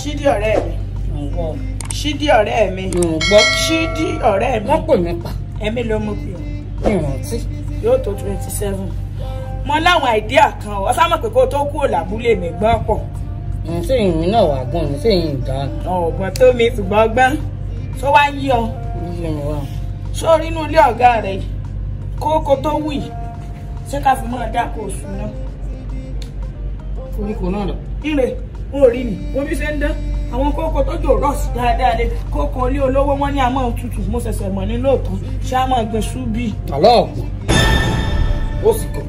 ṣídì ọ̀rẹ́ mi ṣídì ọ̀rẹ́ mi ṣídì ọ̀rẹ́ mi wọ́n pè mí pa ẹ̀mí ló mú bí o ìrántí yóò tó twenty seven mo láwọn àìdíà kan ọ sá mọ̀ pé kó tó kúrò lábúlé mi gbọ́n pọ̀. ṣé ìrìn náà wà gbọ́n mi ṣé ìrìn dáa. ọ̀gbọ́n tó mi ṣùgbọ́n gbọ́n tó wá yí ọ. sórí inú ilé ọ̀gá rẹ̀ kókó tó wù yìí ṣé ká fi máa dáko òṣù náà. koríko náà lọ. ire orí ni omi ṣe ń dán àwọn kókó tó jò rọ́ọ̀sì dáadáa lé kókó ilé olówó wọn ní àmọ́ òtútù mo ṣẹ̀ṣẹ̀ mọ̀ ní lóòótọ́ ṣé a máa gbin ṣúbì. aláàbò ó sì kọ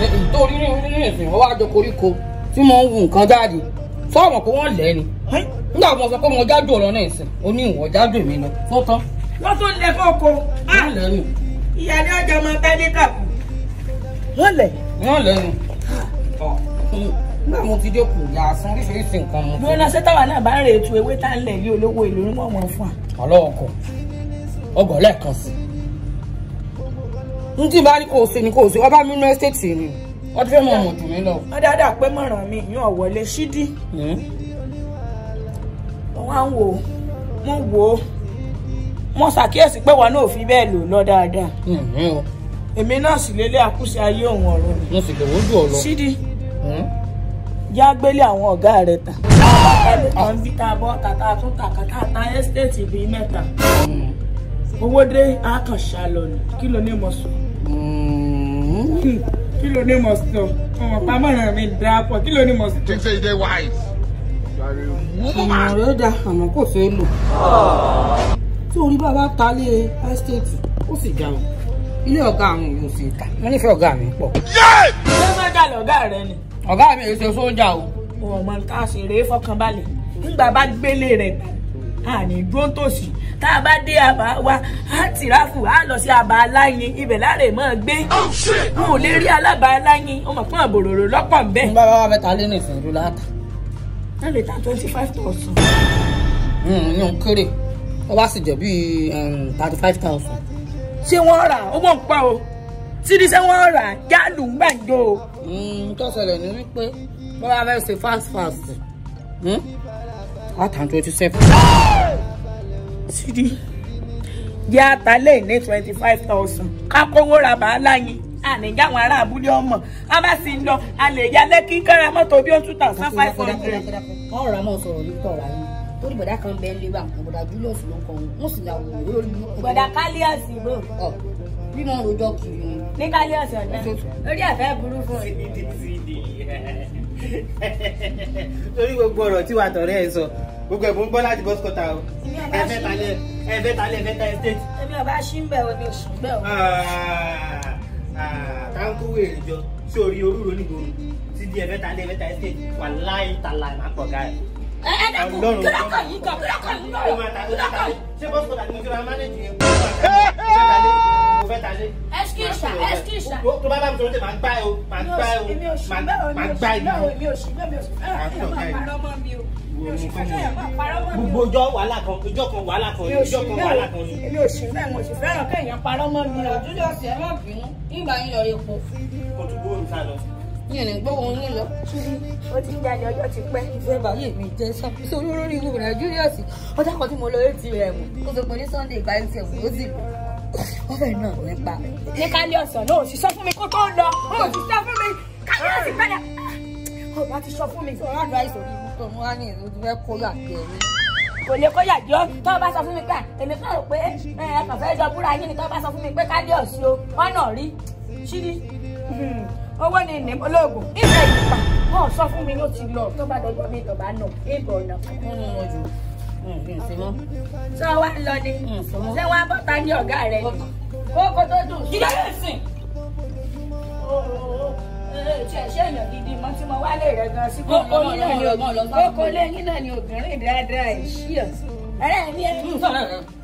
nítorí nínú ìsìn wọn wá jọ koríko tí mo ń wu nǹkan jáde fọwọ́n kó wọ́n lẹ́ ni nígbà mo sọ pé mo jáde ọ̀rọ̀ náà ìsìn ó ní ìwọ̀n jáde mi lọ tó tán. wọ́n tún lẹ kókó ìyàlẹ́ ọjà máa bẹ́ẹ̀ ní kàkú. wọ́n lẹ̀. wọ́n lẹ́nu náà mo ti dẹ́kun ìyá asán oríṣiríṣi nǹkan mo. lóyún náà sẹ́tàwá náà bá ń rè ètò ewé tá ń lẹ̀ yí olówó èlò ní wọ́n mọ̀ fún wa. ọlọ́wọ́ kọ ọgọ̀ lẹ́ẹ̀kan sí i. n tí bá rí kò ṣe ni kò ṣe ọba mi nú ẹ́stéètì ni ọdún fẹ́ mọ̀ mọ̀ jù mí lọ. wọ́n dáadáa pé mọ̀ràn mi ìyún ọ̀wọ́lé ṣídì. Hmm? wọ́n á wò mo wò ó mo ṣàkíyèsí pé wọn náà fi bẹ́ẹ̀ lò lọ dáadáa hmm, hmm èmi náà sì lélẹ̀ àkúṣe ayé òun ọ̀rọ̀ ni. mo sì lè wọ́n jù ọ lọ. ṣídì yá gbélé àwọn ọ̀gá rẹ̀ tà. bàbá kan bí tá hmm. owó dé àkànṣá lọ ni kí ló ní mọ̀ sùn. Hmm. kí ló ní mọ̀ sùn ọmọ pamọ́ràn mi dápọ̀ kí ló ní mọ̀ sùn. take say you dey wise. ìmọ̀ rẹ̀ kò fẹ́ lò. tí orí bàbá ta lé ó sì ga o ilé ọ̀gá àwọn òun sì ta wọ́n nífẹ̀ẹ́ ọ̀gá mi pọ̀. ṣé mẹ́ta lọ̀gá rẹ ni ọ̀gá mi ò ṣe sójà o. ọmọ nǹkan àṣèré fọkànbalẹ̀ nígbà bá gbélé rẹ̀ àní dúró tòsí tá a bá dé àbá wa á tìráfù á lọ sí àbá aláyin ibẹ̀ láre mọ́ gbé oh, n ò lè rí alábà aláyin ọmọ fún àbòròrò lọ́pọ̀ nbẹ. n bá wa bẹ ta lé ní ìsìnkú láàtà. náà lè ta twenty five thousand. Hmm, ní n kéré ó bá sì jẹ́ bíi um, thirty five thousand. ṣé wọ́n rà ó mọ̀ ń pa o tíríṣẹ́ wọ́n rà jálù ń gbàǹjo. Hmm, tó ṣẹlẹ̀ ní wípé bó bá fẹ́ ṣe fast fast àtàn hmm? twenty seven. sídi jẹ́ àtàlẹ́ ní twenty five thousand kákówó ra bàálà yín àníjà àwọn ará abúlé ọmọ a bá sì ń lọ a lè ya lẹ́kí kára mọ́tò bí ó two thousand five hundred. wọ́n rà mọ́ sọ̀rọ̀ ní tọ̀ra yín torí bọ̀dá kan bẹ́ẹ̀ lé wa bọ̀dá Julius ló ń wọn sì làwọn òwúrò lórí. bọ̀dá kálíàsì rò bí wọ́n rojọ́ kiri wọn ní kálí ọ̀sán náà lórí ẹ̀fẹ́ burú fún mi. torí gbogbo ọ̀rọ̀ tí wà tọ̀rẹ́ ẹ̀ sọ gbogbo ẹ̀bùn ń bọ́ láti bọ́ sọ́kọ̀tà o ẹ̀fẹ́ talẹ̀ ẹ̀fẹ́ talẹ̀ ẹ̀fẹ́ ta estate. ẹbí ọba ṣí ń bẹ̀ wọ ni oṣù bẹ̀ wọ. táǹkù wèrè jọ sí orí orúurú nígboro sí di ẹ̀fẹ́ talẹ̀ ẹ̀fẹ́ ta estate wà láì tàlà máa pọ̀ gáà ẹ ẹ dẹkun kílọkọ yìí kan kílọkọ yìí lọrọ kílọkọ yìí. ṣé bọ́sùkọ̀tà ni mo ti ra mánéjì yẹn. fẹ́ ta lé. ẹsikíṣà ẹsikíṣà. tó bá bá mi sọ̀rọ̀ tẹ̀ máa gbá ẹ o máa gbá ẹ o máa gbá ẹ o. mi ò sí mi ò sí mi ò sí mi ò sí gbogbo ọjọ́ wàhálà kan ọjọ́ kan wàhálà kan ọjọ́ kan wàhálà kan ni. mi ò sí bẹ́ẹ̀ mo sì fẹ́ràn kéèyàn parọ́ mọ́ mi o. àdúgbò ọ̀sẹ̀ ẹ̀ má bínú nígbà yín lọ epo. kò tún gbóhùn sá lọ yìí ní gbọ́ òun lọ. ó ti ń jalè ọjọ́ ti pẹ́. ìfẹ́ bàyè mi jẹ́ sọ sí olórí ìlú nàìjíríà sí ọjà kan tí mo lọ ètí rẹ̀ mú. ó sọ pé ní sunday ìgbà mtn ó sì kú wọ́n fẹ́ náà nípa rẹ̀. ní kálí ọ̀sán náà òsì sọ fún mi kó tó lọ òsì sọ fún mi kálí ọ̀sìn padà. ọba ti sọ fún mi sọ̀rọ̀ àdúrà ìsòrí tó mú wá ní ìlú tó fẹ́ kó yàgbé ẹ̀mí. kò lè kó yàgbé ọ tó bá sọ fún mi pé èmi kàn rò pé ẹ kàn fẹ́ jọ búra yín ni tó bá sọ fún mi pé kálí ọ̀sìn o wọ́n náà rí ṣírí hmm. owó ni ìní olóògùn ìfẹ́ ìgbà wọn sọ fún mi ló ti lọ tó bá dọjọ́ Mm, mm, mm, sọ wá lọ ni ṣé wá bọ́ta ní ọ̀gá rẹ ni kókó tó dùn jíjẹ́ lè sìn. ṣe ṣe èèyàn gidi mọ tí mo wá lè rẹ gan sí kókó lẹ́yìn náà ni obìnrin dáadáa ẹ̀ ṣí ẹ̀. ẹ̀rẹ́ mi ẹ̀ ń sọ̀rọ̀.